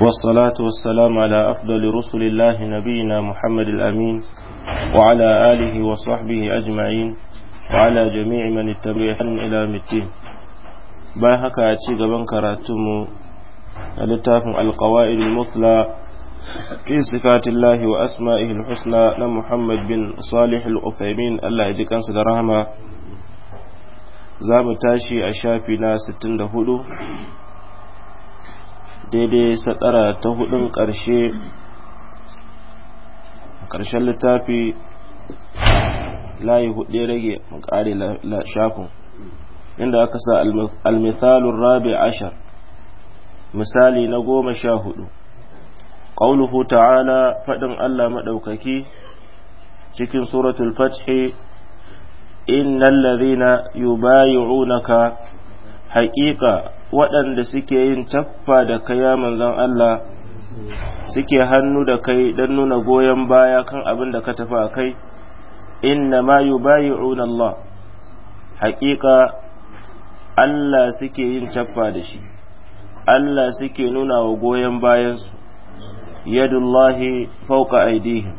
والصلاة والسلام على أفضل رسل الله نبينا محمد الأمين وعلى آله وصحبه أجمعين وعلى جميع من اتبعهم إلى متين باهك أتي قبن كراتم لتافم القوائد المثلى في صفات الله وأسمائه الحسنى لمحمد بن صالح الأثيمين الله يجيك أنس درهما za mu tashi a shafi na 64 daidai satsara ta hudun karshe ƙarshen littafi layi hudu rage la shafin inda aka sa almithalun rabi ashar misali na goma sha hudu ƙauluhu ta'ala faɗin Allah maɗaukaki cikin suratul fathi innal ladhina yubayi'unaka haƙiƙa waɗanda suke yin caffa da kai ya manzon Allah suke hannu da kai don nuna goyon baya kan abin da ka tafi a kai inna ma bayi Allah haƙiƙa Allah suke yin caffa da shi Allah suke nuna wa goyon bayansu yadullahi fauka aidihim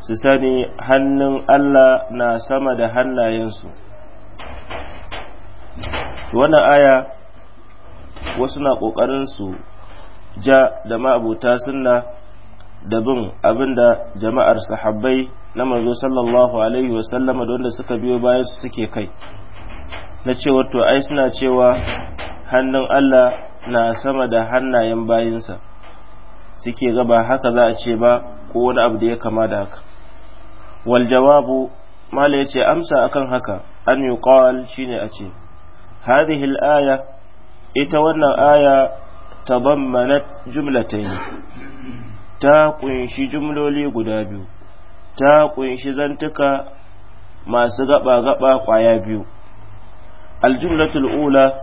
su sani hannun Allah na sama da hannayensu wannan aya wasu na ƙoƙarin su ja da ma'abuta sunna da bin abinda jama'ar sahabbai na manzo sallallahu alaihi wa sallama da wanda suka biyo bayan su suke kai na cewar to ai suna cewa hannun Allah na sama da hannayen bayinsa suke gaba haka za a ce ba ko wani abu da ya kama da haka wal jawabu mala yace amsa akan haka an yuqal shine a ce hadhihi al-aya ita wannan aya bambana jumla ta kunshi jumloli guda biyu ta kunshi zantuka masu gaba-gaba kwaya biyu aljumlatul ula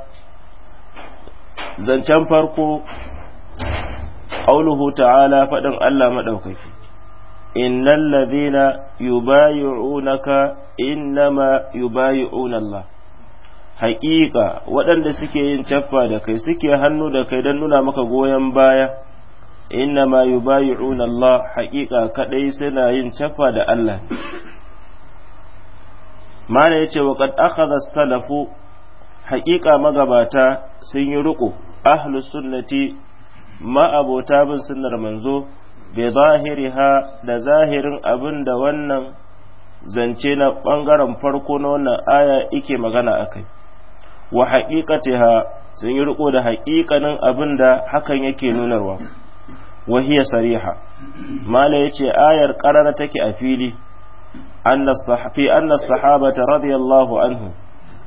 zancen farko qauluhu ta'ala faɗin Allah madaukaki innal ladhina yubayyi'unaka innama yubayyi'una Allah haƙiƙa waɗanda suke yin caffa da kai suke hannu da kai don nuna maka goyon baya inna ma bayi Allah haƙiƙa kaɗai suna yin caffa da Allah mana yace wa qad akhadha salafu haƙiƙa magabata sun yi riƙo ahlu sunnati ma abota bin sunnar manzo bi ha da zahirin abin da wannan zance na ɓangaren farko na wannan aya ike magana akai wa haƙiƙatiha sun yi riko da haƙiƙanin abin da hakan yake nunarwa wa hiya sariha mala yace ayar qarara take a fili anna sahabi anna sahabata radiyallahu anhu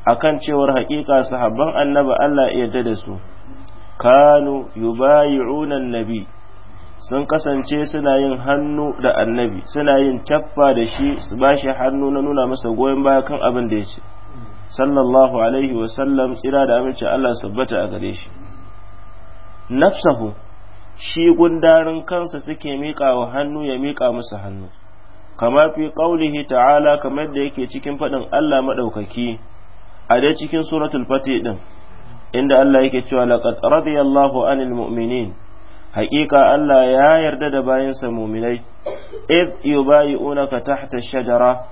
akan cewar haƙiƙa sahabban annabi Allah ya yarda da su kanu yubayi'una annabi sun kasance suna yin hannu da annabi suna yin caffa da shi su bashi hannu na nuna masa goyon baya kan abin da ya ce sallallahu alaihi wa sallam tsira da amince Allah sabbata a gare shi nafsahu shi gundarin kansa suke miƙa wa hannu ya miƙa musu hannu kama fi qaulihi ta'ala kamar da yake cikin faɗin Allah madaukaki a dai cikin suratul fatih din inda Allah yake cewa laqad radiyallahu anil mu'minin haƙiƙa Allah ya yarda da bayinsa muminai id yubayi'unaka tahta shajara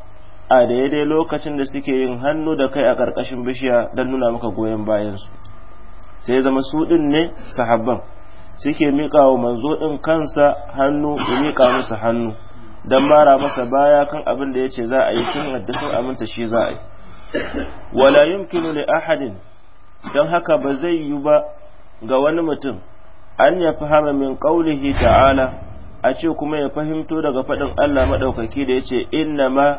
a daidai lokacin da suke yin hannu da kai a ƙarƙashin bishiya don nuna maka goyon bayansu sai zama su ɗin ne sahabban suke miƙa wa manzo ɗin kansa hannu ya miƙa musu hannu don mara masa baya kan abin da ya ce za a yi tun addasin sun aminta shi za a yi wala yumkinu ne ahadin don haka ba zai yi ba ga wani mutum an ya fahama min ƙaulihi ta'ala a ce kuma ya fahimto daga faɗin Allah maɗaukaki da ya ce inna ma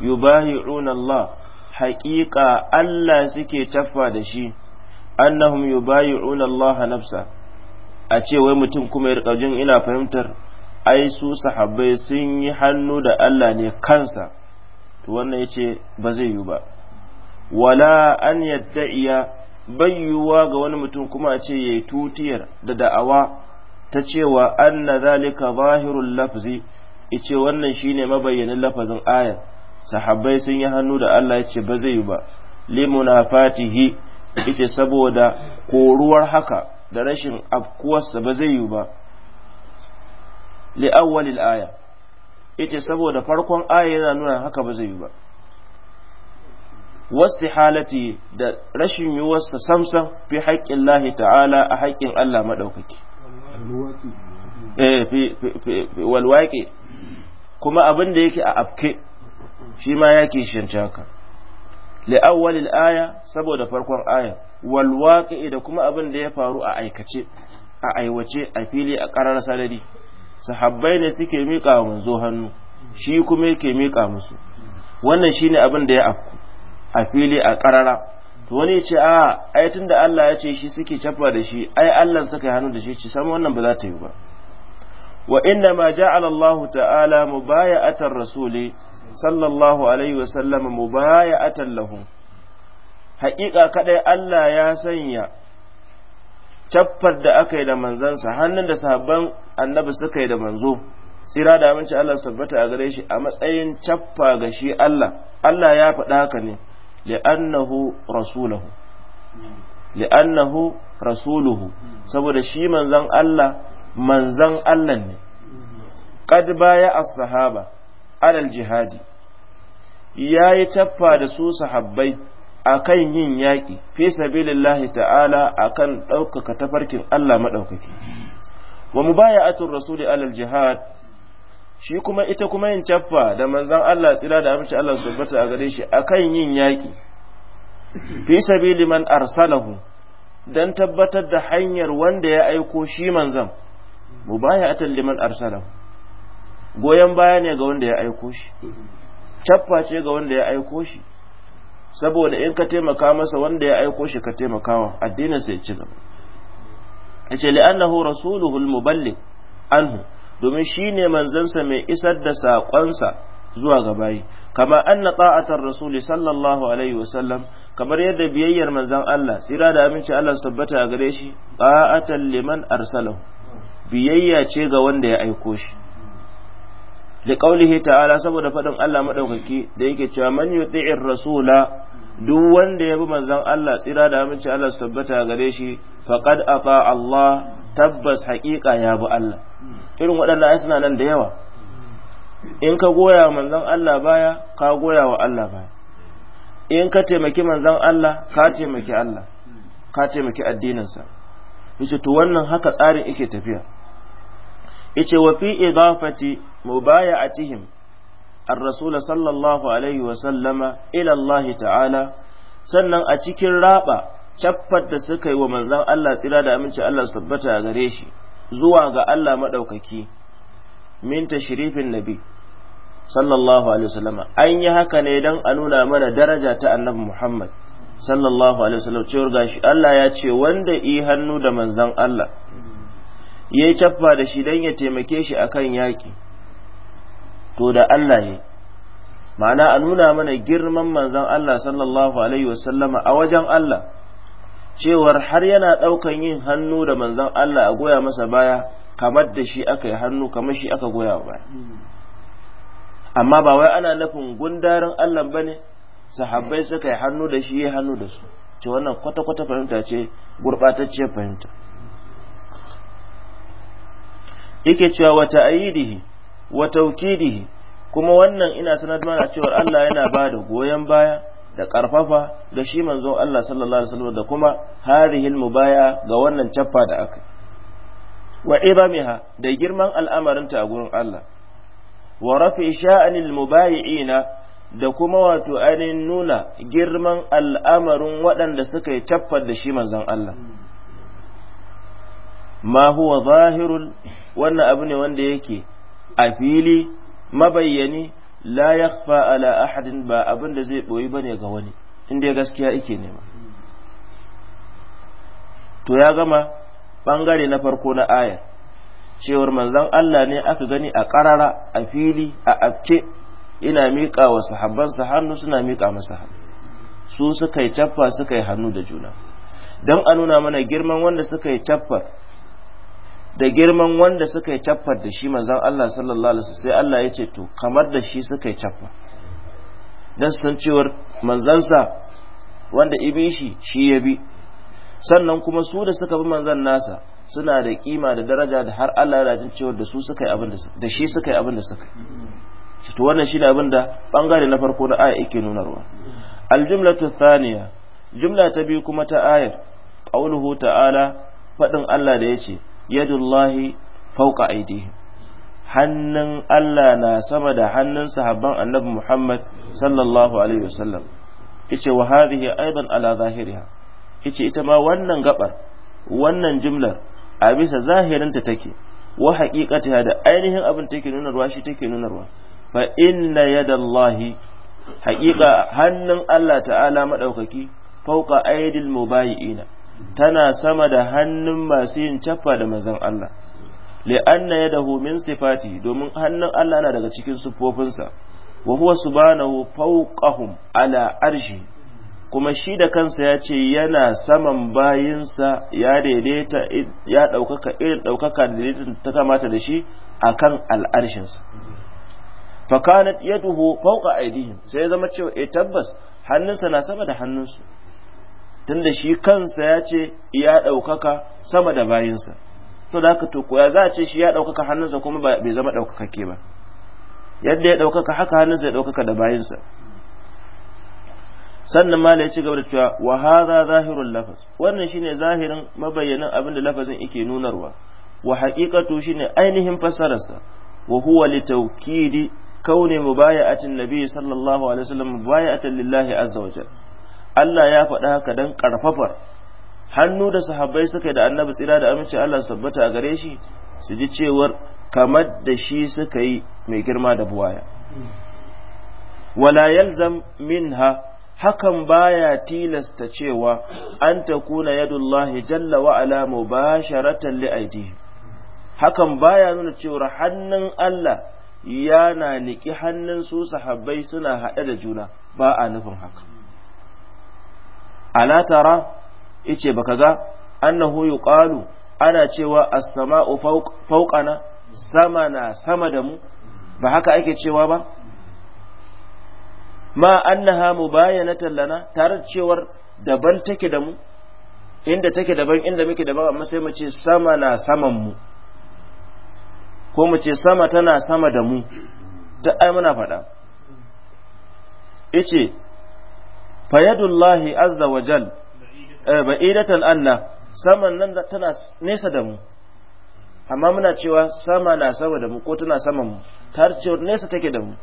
yubayi'una Allah haƙiƙa Allah suke taffa da shi annahum yubayi'una Allah nafsa a ce wai mutum kuma ya rika jin ina fahimtar ai su sahabbai sun yi hannu da Allah ne kansa to wannan yace ba zai yi ba wala an yadda'iya bayyuwa ga wani mutum kuma a ce yayi tutiyar da da'awa ta cewa anna zalika zahirul lafzi ice wannan shine mabayyanin lafazin ayat sahabbai sun yi hannu da Allah ya ce ba zai yi ba limunafatihi ita saboda koruwar haka da rashin afkuwarsa ba zai yi ba li'awwalil aya ita saboda farkon aya yana nuna haka ba zai yi ba wasu halati da rashin yiwuwarsa samsam fi haƙƙin lahi ta'ala a haƙƙin Allah maɗaukaki eh, walwaƙi kuma abin da yake a afke shi ma ya kishiyanci haka li'awwalil aya saboda farkon aya wal waqi'i da kuma abin da ya faru a aikace a aiwace a fili a ƙarar sarari sahabbai ne suke miƙa wa manzo hannu shi kuma yake miƙa musu wannan shine abin da ya afku a fili a ƙarara. to wani ce a ai tunda Allah ya ce shi suke cafa da shi ai Allah suka yi hannu da shi ci san wannan ba za ta yi ba wa inna ma ja'ala Allah ta'ala mubaya'atar rasuli sallallahu alaihi wasallama mubaya'atan lahum haƙiƙa kaɗai Allah ya sanya caffar da aka yi da manzansa hannun da sahabban annabi suka yi da manzo tsira da aminci Allah su tabbata a gare shi a matsayin caffa ga shi Allah Allah ya faɗa haka ne li'annahu rasulahu li'annahu rasuluhu saboda shi manzan Allah manzan Allah ne qad baya as-sahaba alal jihadi ya yi taffa da su sahabbai akan yin yaƙi fi sabilillahi ta'ala akan ɗaukaka tafarkin Allah maɗaukaki wa mubaya'atul rasuli alal jihad shi kuma ita kuma yin caffa da manzan Allah tsira da amince Allah su tabbata a gare shi akan yin yaƙi fi sabili man arsalahu dan tabbatar da hanyar wanda ya aiko shi baya mubaya'atul liman arsalahu goyon baya ne ga wanda ya aiko shi cappa ce ga wanda ya aiko shi saboda in ka taimaka masa wanda ya aiko shi ka taimakawa addinin sai ci gaba ce li'annahu rasuluhu al-muballigh anhu domin shine manzansa mai isar da saƙonsa zuwa ga bayi kama anna ta'atar rasuli sallallahu alaihi wasallam kamar yadda biyayyar manzon Allah sira da aminci Allah su tabbata a gare shi ta'atan liman arsalahu biyayya ce ga wanda ya aiko shi da qaulihi ta'ala saboda fadin Allah madaukaki da yake cewa man yuti'ir rasula duk wanda ya bi manzon Allah tsira da aminci Allah su tabbata gare shi faqad ata Allah tabbas haƙiƙa ya bi Allah irin waɗannan ai suna nan da yawa in ka goya manzon Allah baya ka goya wa Allah baya in ka taimaki manzon Allah ka taimaki Allah ka taimaki addininsa yace to wannan haka tsarin yake tafiya ice wa fi idafati mubayatihim ar-rasul sallallahu alaihi wa sallama ila Allah ta'ala sannan a cikin raba caffar da suka yi wa manzon Allah tsira da aminci Allah su tabbata a gare shi zuwa ga Allah madaukaki min tashrifin nabi sallallahu alaihi wa sallama an yi haka ne dan a nuna mana daraja ta annabi Muhammad sallallahu alaihi wa sallam. cewar gashi Allah ya ce wanda yi hannu da manzon Allah ya yi caffa da shi don ya taimake shi akan yaƙi to da Allah ne ma'ana a nuna mana girman manzan Allah sallallahu alaihi wasallama a wajen Allah cewar har yana ɗaukan yin hannu da manzan Allah a goya masa baya kamar da shi aka yi hannu kamar shi aka goya baya amma ba wai ana nufin gundarin Allah ba bane sahabbai suka yi hannu da shi ya hannu da su ce wannan kwata-kwata fahimta ce gurɓatacciyar fahimta yake cewa wa ta'yidihi wa tawkidihi kuma wannan ina sanar mana cewa Allah yana ba da goyon baya da karfafa ga shi manzo Allah sallallahu alaihi wasallam da kuma hadhihi mubaya ga wannan cappa da aka wa ibamiha da girman al'amarinta a gurin Allah wa rafi sha'anil mubayi'ina da kuma wato ainihin nuna girman al'amarin waɗanda suka yi cappar da shi manzon Allah ma huwa zahirun wannan abu ne wanda yake a fili mabayyani la yakhfa ala ahadin ba abin da zai boyi bane ga wani inda gaskiya ike nema to ya gama ɓangare na farko na ayar cewar manzon Allah ne aka gani a ƙarara a fili a afke ina miƙa wa sahabbansa hannu suna miƙa masa hannu su suka yi caffa suka yi hannu da juna don a nuna mana girman wanda suka yi caffar da girman wanda suka yi caffar da shi manzan Allah sallallahu alaihi sai Allah ya ce to kamar da shi suka yi caffa don san cewar manzansa wanda ibi shi shi ya bi sannan kuma su da suka bi manzan nasa suna da kima da daraja da har Allah ya rajin cewar da su suka yi abin da shi suka yi abin da suka yi to wannan shine abin da bangare na farko na aya yake nunarwa aljumlatu thaniya jumla ta biyu kuma ta ayar qawluhu ta'ala fadin Allah da yace yadullahi fauka aidihi hannun Allah na sama da hannun sahabban annabi Muhammad sallallahu alaihi wasallam yace wa hadhihi aidan ala zahiriha yace ita ma wannan gabar wannan jimlar a bisa zahirinta take wa haqiqatiha da ainihin abin take nunarwa shi take nunarwa fa inna yadallahi haqiqa hannun Allah ta'ala madaukaki fauka aidil mubayiina tana sama da hannun masu yin caffa da mazan Allah li'anna dahu min sifati domin hannun Allah na daga cikin siffofinsa wa huwa subhanahu fawqahum ala arshi kuma shi da kansa ya ce yana saman bayinsa ya daidaita ya ɗaukaka irin ɗaukaka da ta kamata da shi akan al'arshinsa fakanat yaduhu fawqa aydihim sai ya zama cewa eh tabbas hannunsa na sama da hannunsu tunda shi kansa ya ce ya ɗaukaka sama da bayinsa to da haka to koya za a ce shi ya ɗaukaka hannunsa kuma bai zama ɗaukakake ba yadda ya ɗaukaka haka hannunsa ya ɗaukaka da bayinsa sannan mala ya ci gaba da cewa wa hadha zahirul lafaz wannan shine zahirin mabayyanin abin da lafazin yake nunarwa wa haqiqatu shine ainihin fassararsa wa huwa li tawkidi kauni mubaya'atin nabi sallallahu alaihi wasallam mubaya'atan lillahi azza wa jalla Allah ya faɗa haka don ƙarfafar hannu da sahabbai suka da annabi tsira da amince Allah su tabbata a gare shi su ji cewar kamar da shi suka yi mai girma da buwaya wala yalzam minha hakan baya tilasta cewa an takuna yadullahi jalla wa ala mubasharatan li aidihi hakan baya nuna cewa hannun Allah yana niki hannun su sahabbai suna haɗe da juna ba a nufin haka ala tara ice baka ga annahu yuqalu ana cewa as-sama'u fawqana sama na sama da mu ba haka ake cewa ba ma annaha mubayanatan lana tare cewar daban take da mu inda take daban inda muke daban amma sai mu ce sama na saman mu ko mu ce sama tana sama da mu da ai muna faɗa ice fayadullahi azza wa jal eh, ba'idatan anna saman nan tana nesa da mu amma muna cewa sama na sama da mu ko tana saman mu har cewa nesa take da mu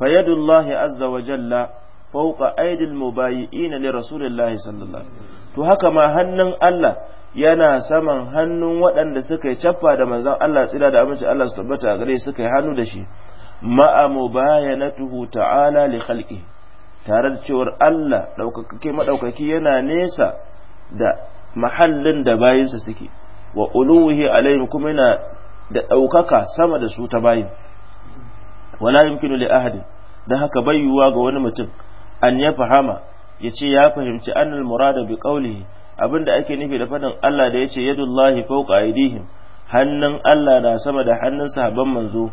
fayadullahi azza wa jalla fawqa aidil mubayyin li rasulillahi sallallahu alaihi to haka ma hannun Allah yana saman hannun waɗanda suka yi caffa da manzon Allah tsira da amince, Allah su tabbata gare suka yi hannu da shi ma'a mubayanatuhu ta'ala li khalqihi tare da cewar Allah ɗaukakake maɗaukaki yana nesa da mahallin da bayinsa suke wa uluhi alaihim kuma yana da ɗaukaka sama da su ta bayin wala yumkinu li ahadi dan haka bayyuwa ga wani mutum an ya fahama ya ce ya fahimci annal murada bi Abin da ake nufi da faɗin Allah da yace yadullahi fawqa aydihim hannun Allah na sama da hannun sahabban manzo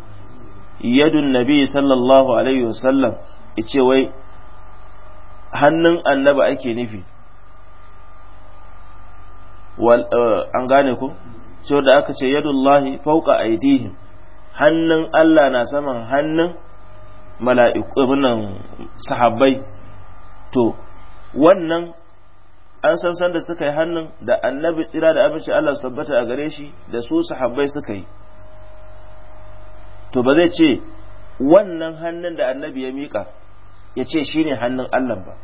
yadun nabi sallallahu alaihi wasallam yace wai hannun annaba ake nufi eh, an gane ku sau da aka ce yadullahi fauka aidihim hannun Allah na saman hannun mala'ikunan eh, sahabbai to wannan an san san da suka yi hannun da annabi tsira da abinci Allah su tabbata a gare shi da su sahabbai suka yi to ba zai ce wannan hannun da annabi ya miƙa ya ce shi ne hannun Allah ba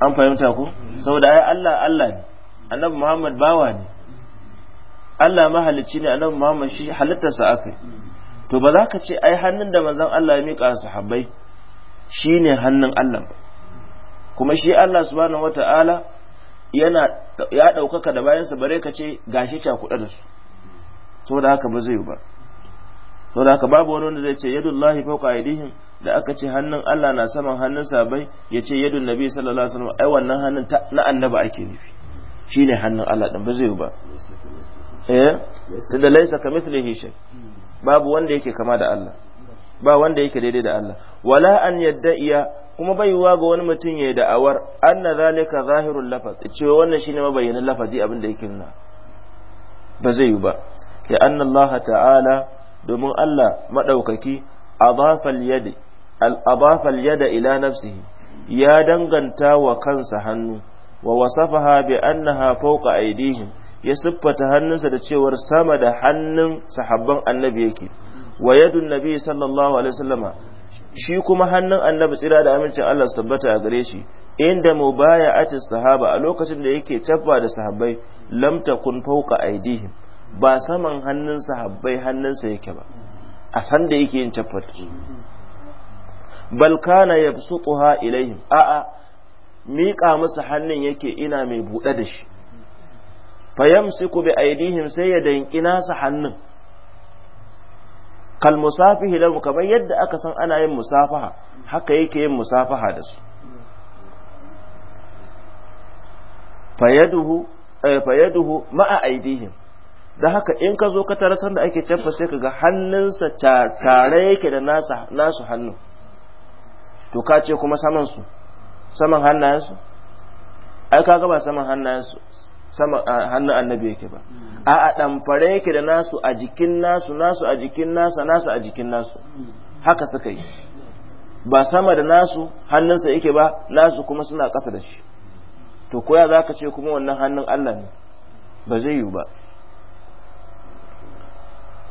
an fahimta ko saboda ai Allah Allah ne annabi Muhammad bawa ne Allah mahalicci ne annabi Muhammad shi halittarsa aka yi. to ba za ka ce ai hannun da manzon Allah ya miƙa sahabbai shi ne hannun Allah ba kuma shi Allah subhanahu wata'ala yana ya ɗaukaka da bayansa bare ka ce gashi cakuɗa da su saboda haka ba zai ba don haka babu wani wanda zai ce yadullahi fawqa aydihim da aka ce hannun Allah na saman hannun sabai ya ce yadun nabi sallallahu alaihi wasallam ai wannan hannun na annaba ake nufi shine hannun Allah din ba zai ba eh tunda laysa kamithlihi shay babu wanda yake kama da Allah ba wanda yake daidai da Allah wala an yadda'iya kuma bai yiwa ga wani mutum ya da'awar anna zalika zahirul lafaz ce wannan shine mabayyanin lafazi abin da yake nuna ba zai yi ba li anna Allah ta'ala domin Allah maɗaukaki adafal yada ila nafsihi ya danganta wa kansa hannu wa wasafaha bi annaha fawqa aydihim ya siffata hannunsa da cewar sama da hannun sahabban annabi yake wa yadun nabi sallallahu alaihi wasallama shi kuma hannun annabi tsira da amincin Allah su tabbata a gare shi inda mubaya'atis sahaba a lokacin da yake tabba da sahabbai lam takun fawqa aydihim ba saman hannun sahabbai hannunsa yake ba a san da yake yin cafarki bal kana yabsutuha ilaihim a'a miƙa musu hannun yake ina mai buɗe da shi fayamsiku bi aidihim sai ya danki nasa hannun kal musafihi lahu kamar yadda aka san ana yin musafaha haka yake yin musafaha da su fayaduhu eh, fayaduhu ma'a aidihim da haka in ka zo ka tara sanda ake canfa sai ka ga hannunsa tare yake da nasu hannu to ka ce kuma saman su saman hannayensu ai ka gaba saman hannayensu sama hannun annabi yake ba a a ɗamfare yake da nasu a jikin nasu nasu a jikin nasa nasu a jikin nasu haka suka yi ba sama da nasu hannunsa yake ba nasu kuma suna ƙasa da shi to koya za ka ce kuma wannan hannun allah ne ba zai yiwu ba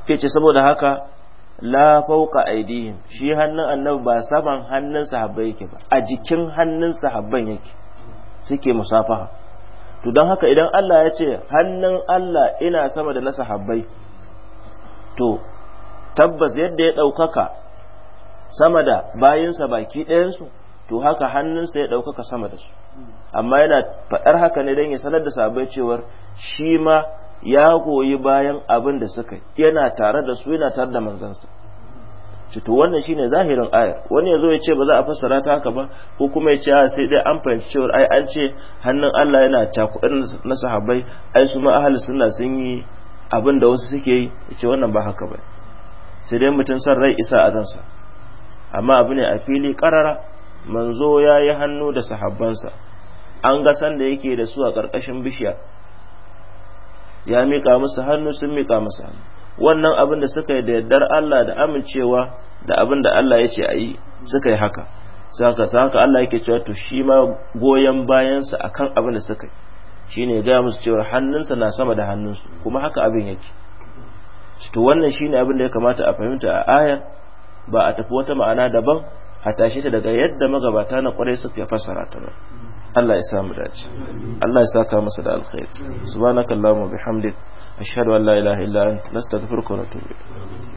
ke ce saboda haka la fauqa aidihim shi hannun annabi ba saman hannun sahabbai yake ba a jikin hannun sahabban yake suke musafaha to don haka idan Allah ya ce hannun Allah ina sama da na sahabbai to tabbas yadda ya ɗaukaka sama da bayinsa baki ɗayansu to haka hannunsa ya ɗaukaka sama da su amma yana faɗar haka ne don ya sanar da sahabbai cewar shi ma ya goyi bayan abin da suka yana tare da su yana tare da manzansa to wannan shine zahirin ayar wani yazo ya ce ba za a fassara ta haka ba ko kuma ya ce a ah, sai dai an fahimci cewa ai an ce hannun Allah yana takuɗin na sahabbai ai su ma ahli sunna sun yi abin da wasu suke yi Ya ce wannan ba haka ba sai dai mutum san rai isa a zansa amma abu ne a fili karara manzo ya yi hannu da sahabbansa an ga sanda yake da su a ƙarƙashin bishiya ya mika musu hannu sun mika musu hannu wannan abin da suka yi da yardar Allah da amincewa da abin da Allah ya ce a suka yi haka saka saka Allah yake cewa to shi ma goyen bayansa akan abin da suka yi shine ga musu cewa hannunsa na sama da hannunsu kuma haka abin yake to wannan shine abin da ya kamata a fahimta a aya ba a tafi wata ma'ana daban a tashe ta daga yadda magabata na kwarai suka fassara ta ba Allah ya samu dace Allah ya saka masa da alkhairi subhanakallahumma bihamdik ashhadu an la ilaha illa anta nastaghfiruka wa natubu